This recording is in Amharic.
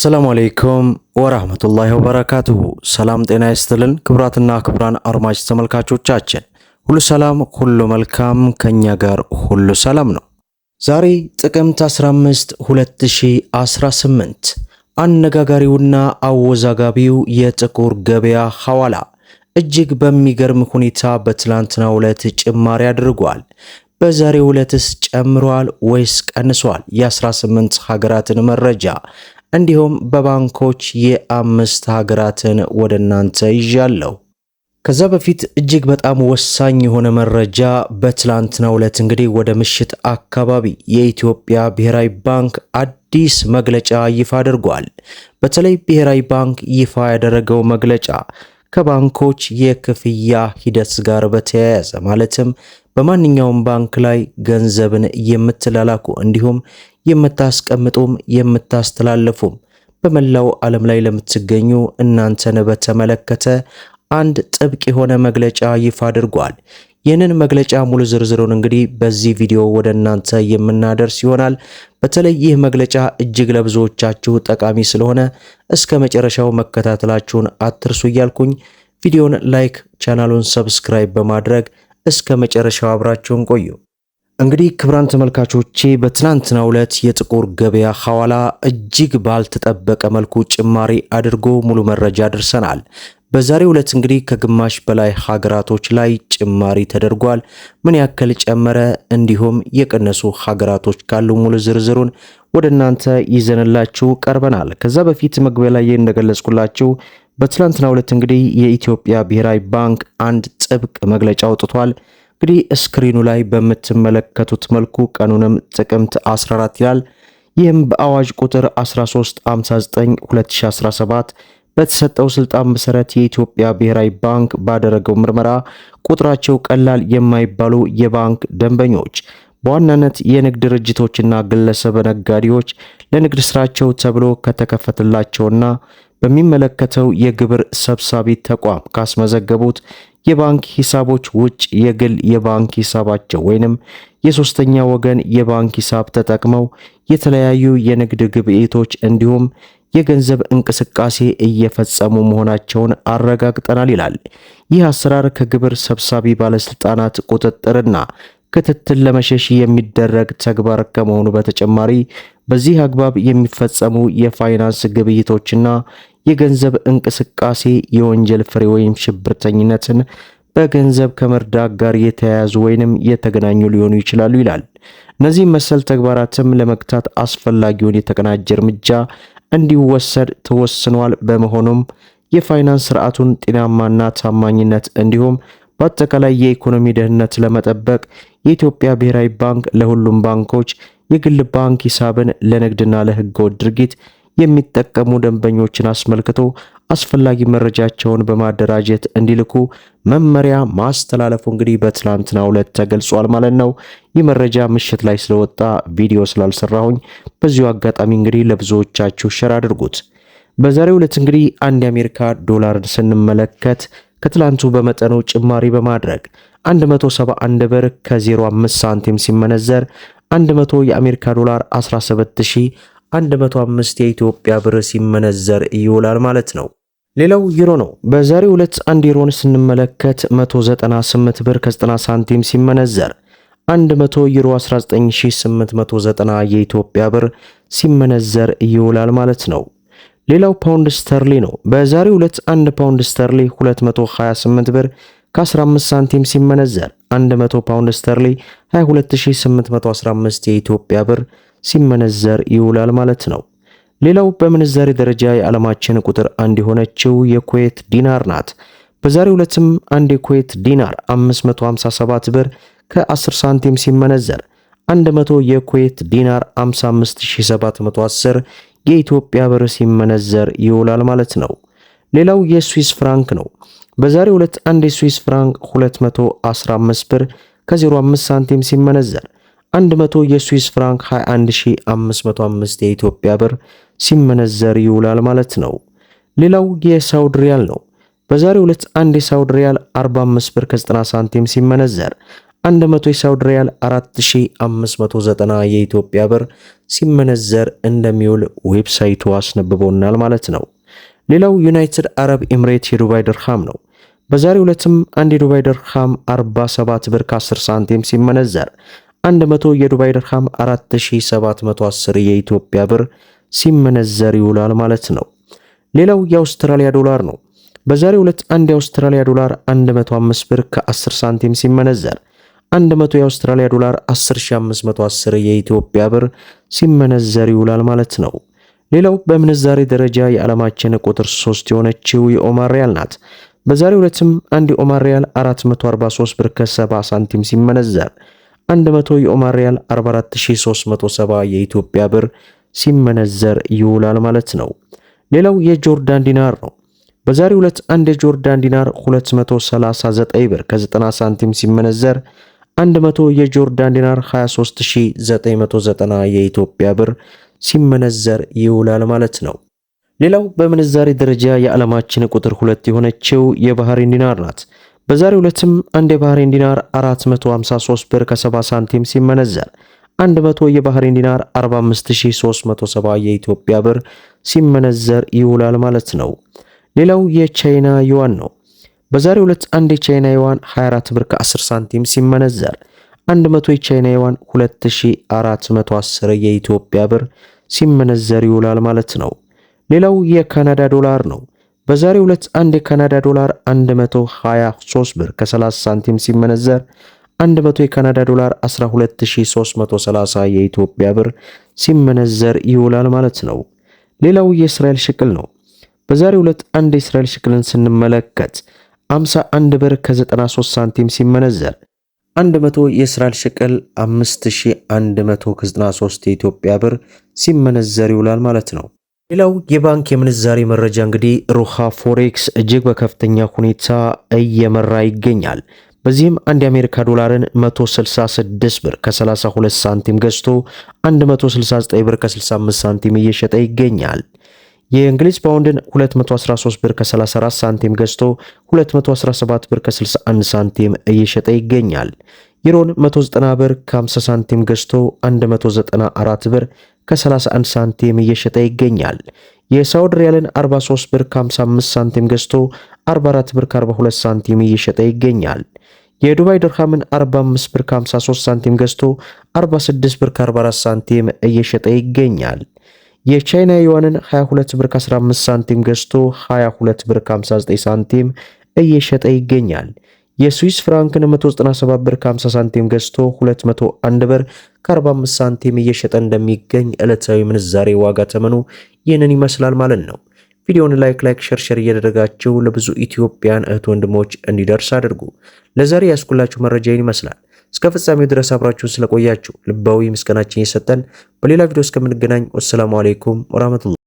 ሰላም አለይኩም ወራህመቱላሂ ወበረካቱሁ። ሰላም ጤና ይስጥልን ክብራትና ክብራን አድማጭ ተመልካቾቻችን ሁሉ ሰላም ሁሉ መልካም፣ ከኛ ጋር ሁሉ ሰላም ነው። ዛሬ ጥቅምት 15 2018 አነጋጋሪውና አወዛጋቢው የጥቁር ገበያ ሐዋላ እጅግ በሚገርም ሁኔታ በትላንትናው ዕለት ጭማሪ አድርጓል። በዛሬው ዕለትስ ጨምሯል ወይስ ቀንሷል? የ18 ሀገራትን መረጃ እንዲሁም በባንኮች የአምስት ሀገራትን ወደ እናንተ ይዣለሁ። ከዛ በፊት እጅግ በጣም ወሳኝ የሆነ መረጃ በትላንትናው ዕለት እንግዲህ ወደ ምሽት አካባቢ የኢትዮጵያ ብሔራዊ ባንክ አዲስ መግለጫ ይፋ አድርጓል። በተለይ ብሔራዊ ባንክ ይፋ ያደረገው መግለጫ ከባንኮች የክፍያ ሂደት ጋር በተያያዘ ማለትም በማንኛውም ባንክ ላይ ገንዘብን የምትላላኩ እንዲሁም የምታስቀምጡም የምታስተላልፉም በመላው ዓለም ላይ ለምትገኙ እናንተን በተመለከተ አንድ ጥብቅ የሆነ መግለጫ ይፋ አድርጓል። ይህንን መግለጫ ሙሉ ዝርዝሩን እንግዲህ በዚህ ቪዲዮ ወደ እናንተ የምናደርስ ይሆናል። በተለይ ይህ መግለጫ እጅግ ለብዙዎቻችሁ ጠቃሚ ስለሆነ እስከ መጨረሻው መከታተላችሁን አትርሱ እያልኩኝ ቪዲዮን ላይክ፣ ቻናሉን ሰብስክራይብ በማድረግ እስከ መጨረሻው አብራችሁን ቆዩ። እንግዲህ ክብራን ተመልካቾቼ በትናንትናው ዕለት የጥቁር ገበያ ሐዋላ እጅግ ባልተጠበቀ መልኩ ጭማሪ አድርጎ ሙሉ መረጃ ደርሰናል። በዛሬው ዕለት እንግዲህ ከግማሽ በላይ ሀገራቶች ላይ ጭማሪ ተደርጓል። ምን ያክል ጨመረ፣ እንዲሁም የቀነሱ ሀገራቶች ካሉ ሙሉ ዝርዝሩን ወደ እናንተ ይዘንላችሁ ቀርበናል። ከዛ በፊት መግቢያ ላይ እንደገለጽኩላችሁ በትናንትናው ዕለት እንግዲህ የኢትዮጵያ ብሔራዊ ባንክ አንድ ጥብቅ መግለጫ አውጥቷል። እንግዲህ ስክሪኑ ላይ በምትመለከቱት መልኩ ቀኑንም ጥቅምት 14 ይላል። ይህም በአዋጅ ቁጥር 1359 2017 በተሰጠው ስልጣን መሰረት የኢትዮጵያ ብሔራዊ ባንክ ባደረገው ምርመራ ቁጥራቸው ቀላል የማይባሉ የባንክ ደንበኞች በዋናነት የንግድ ድርጅቶችና ግለሰብ ነጋዴዎች ለንግድ ስራቸው ተብሎ ከተከፈተላቸውና በሚመለከተው የግብር ሰብሳቢ ተቋም ካስመዘገቡት የባንክ ሂሳቦች ውጭ የግል የባንክ ሂሳባቸው ወይንም የሶስተኛ ወገን የባንክ ሂሳብ ተጠቅመው የተለያዩ የንግድ ግብይቶች እንዲሁም የገንዘብ እንቅስቃሴ እየፈጸሙ መሆናቸውን አረጋግጠናል ይላል። ይህ አሰራር ከግብር ሰብሳቢ ባለስልጣናት ቁጥጥርና ክትትል ለመሸሽ የሚደረግ ተግባር ከመሆኑ በተጨማሪ በዚህ አግባብ የሚፈጸሙ የፋይናንስ ግብይቶችና የገንዘብ እንቅስቃሴ የወንጀል ፍሬ ወይም ሽብርተኝነትን በገንዘብ ከመርዳት ጋር የተያያዙ ወይንም የተገናኙ ሊሆኑ ይችላሉ ይላል። እነዚህ መሰል ተግባራትም ለመግታት አስፈላጊውን የተቀናጀ እርምጃ እንዲወሰድ ተወስኗል። በመሆኑም የፋይናንስ ስርዓቱን ጤናማና ታማኝነት እንዲሁም በአጠቃላይ የኢኮኖሚ ደህንነት ለመጠበቅ የኢትዮጵያ ብሔራዊ ባንክ ለሁሉም ባንኮች የግል ባንክ ሂሳብን ለንግድና ለህገወጥ ድርጊት የሚጠቀሙ ደንበኞችን አስመልክቶ አስፈላጊ መረጃቸውን በማደራጀት እንዲልኩ መመሪያ ማስተላለፉ እንግዲህ በትላንትናው ዕለት ተገልጿል ማለት ነው። ይህ መረጃ ምሽት ላይ ስለወጣ ቪዲዮ ስላልሰራሁኝ በዚሁ አጋጣሚ እንግዲህ ለብዙዎቻችሁ ሸር አድርጉት። በዛሬው ዕለት እንግዲህ አንድ የአሜሪካ ዶላርን ስንመለከት ከትላንቱ በመጠኑ ጭማሪ በማድረግ 171 ብር ከ05 ሳንቲም ሲመነዘር 100 የአሜሪካ ዶላር 17105 የኢትዮጵያ ብር ሲመነዘር ይውላል ማለት ነው። ሌላው ዩሮ ነው። በዛሬው ዕለት አንድ ዩሮን ስንመለከት 198 ብር ከ90 ሳንቲም ሲመነዘር 100 ዩሮ 19890 የኢትዮጵያ ብር ሲመነዘር ይውላል ማለት ነው። ሌላው ፓውንድ ስተርሊ ነው። በዛሬው ዕለት 1 ፓውንድ ስተርሊ 228 ብር ከ15 ሳንቲም ሲመነዘር 100 ፓውንድ ስተርሊ 22815 የኢትዮጵያ ብር ሲመነዘር ይውላል ማለት ነው። ሌላው በምንዛሬ ደረጃ የዓለማችን ቁጥር አንድ የሆነችው የኩዌት ዲናር ናት። በዛሬው ዕለትም አንድ የኩዌት ዲናር 557 ብር ከ10 ሳንቲም ሲመነዘር 100 የኩዌት ዲናር 55710 የኢትዮጵያ ብር ሲመነዘር ይውላል ማለት ነው። ሌላው የስዊስ ፍራንክ ነው። በዛሬ ሁለት አንድ የስዊስ ፍራንክ 215 ብር ከ05 ሳንቲም ሲመነዘር 100 የስዊስ ፍራንክ 21505 የኢትዮጵያ ብር ሲመነዘር ይውላል ማለት ነው። ሌላው የሳውድ ሪያል ነው። በዛሬ ሁለት አንድ የሳውድ ሪያል 45 ብር ከ90 ሳንቲም ሲመነዘር 100 የሳውዲ ሪያል 4590 የኢትዮጵያ ብር ሲመነዘር እንደሚውል ዌብሳይቱ አስነብቦናል ማለት ነው። ሌላው ዩናይትድ አረብ ኤምሬት የዱባይ ድርሃም ነው። በዛሬ ሁለትም አንድ የዱባይ ድርሃም 47 ብር ከ10 ሳንቲም ሲመነዘር 100 የዱባይ ድርሃም 4710 የኢትዮጵያ ብር ሲመነዘር ይውላል ማለት ነው። ሌላው የአውስትራሊያ ዶላር ነው። በዛሬ ሁለት አንድ የአውስትራሊያ ዶላር 105 ብር ከ10 ሳንቲም ሲመነዘር 100 የአውስትራሊያ ዶላር 10510 የኢትዮጵያ ብር ሲመነዘር ይውላል ማለት ነው። ሌላው በምንዛሬ ደረጃ የዓለማችን ቁጥር 3 የሆነችው የኦማር ሪያል ናት። በዛሬው ዕለትም አንድ የኦማር ሪያል 443 ብር ከ70 ሳንቲም ሲመነዘር 100 የኦማር ሪያል 44370 የኢትዮጵያ ብር ሲመነዘር ይውላል ማለት ነው። ሌላው የጆርዳን ዲናር ነው። በዛሬው ዕለት አንድ የጆርዳን ዲናር 239 ብር ከ90 ሳንቲም ሲመነዘር 100 የጆርዳን ዲናር 23990 የኢትዮጵያ ብር ሲመነዘር ይውላል ማለት ነው። ሌላው በምንዛሬ ደረጃ የዓለማችን ቁጥር ሁለት የሆነችው የባህሬን ዲናር ናት። በዛሬው ዕለትም አንድ የባህሬን ዲናር 453 ብር ከ70 ሳንቲም ሲመነዘር 100 የባህሬን ዲናር 45370 የኢትዮጵያ ብር ሲመነዘር ይውላል ማለት ነው። ሌላው የቻይና ዩዋን ነው። በዛሬ ሁለት አንድ የቻይና ዩዋን 24 ብር ከ10 ሳንቲም ሲመነዘር 100 የቻይና ዩዋን 2410 የኢትዮጵያ ብር ሲመነዘር ይውላል ማለት ነው። ሌላው የካናዳ ዶላር ነው። በዛሬ ሁለት አንድ የካናዳ ዶላር 123 ብር ከ30 ሳንቲም ሲመነዘር 100 የካናዳ ዶላር 12330 የኢትዮጵያ ብር ሲመነዘር ይውላል ማለት ነው። ሌላው የእስራኤል ሽቅል ነው። በዛሬ ሁለት አንድ የእስራኤል ሽቅልን ስንመለከት 51 ብር ከ93 ሳንቲም ሲመነዘር 100 የእስራኤል ሽቅል 5193 የኢትዮጵያ ብር ሲመነዘር ይውላል ማለት ነው። ሌላው የባንክ የምንዛሬ መረጃ እንግዲህ ሩሃ ፎሬክስ እጅግ በከፍተኛ ሁኔታ እየመራ ይገኛል። በዚህም አንድ የአሜሪካ ዶላርን 166 ብር ከ32 ሳንቲም ገዝቶ 169 ብር ከ65 ሳንቲም እየሸጠ ይገኛል። የእንግሊዝ ፓውንድን 213 ብር ከ34 ሳንቲም ገዝቶ 217 ብር ከ61 ሳንቲም እየሸጠ ይገኛል። ዩሮን 190 ብር ከ50 ሳንቲም ገዝቶ 194 ብር ከ31 ሳንቲም እየሸጠ ይገኛል። የሳውዲ ሪያልን 43 ብር ከ55 ሳንቲም ገዝቶ 44 ብር ከ42 ሳንቲም እየሸጠ ይገኛል። የዱባይ ድርሃምን 45 ብር ከ53 ሳንቲም ገዝቶ 46 ብር ከ44 ሳንቲም እየሸጠ ይገኛል። የቻይና ዩዋንን 22 ብር ከ15 ሳንቲም ገዝቶ 22 ብር ከ59 ሳንቲም እየሸጠ ይገኛል። የስዊስ ፍራንክን 197 ብር ከ50 ሳንቲም ገዝቶ 201 ብር ከ45 ሳንቲም እየሸጠ እንደሚገኝ ዕለታዊ ምንዛሬ ዋጋ ተመኑ ይህንን ይመስላል ማለት ነው። ቪዲዮውን ላይክ ላይክ ሸርሸር እያደረጋችሁ ለብዙ ኢትዮጵያን እህት ወንድሞች እንዲደርስ አድርጉ። ለዛሬ ያስኩላችሁ መረጃ ይህን ይመስላል። እስከ ፍጻሜው ድረስ አብራችሁን ስለቆያችሁ ልባዊ ምስጋናችን እየሰጠን በሌላ ቪዲዮ እስከምንገናኝ ወሰላሙ አሌይኩም ወራህመቱላህ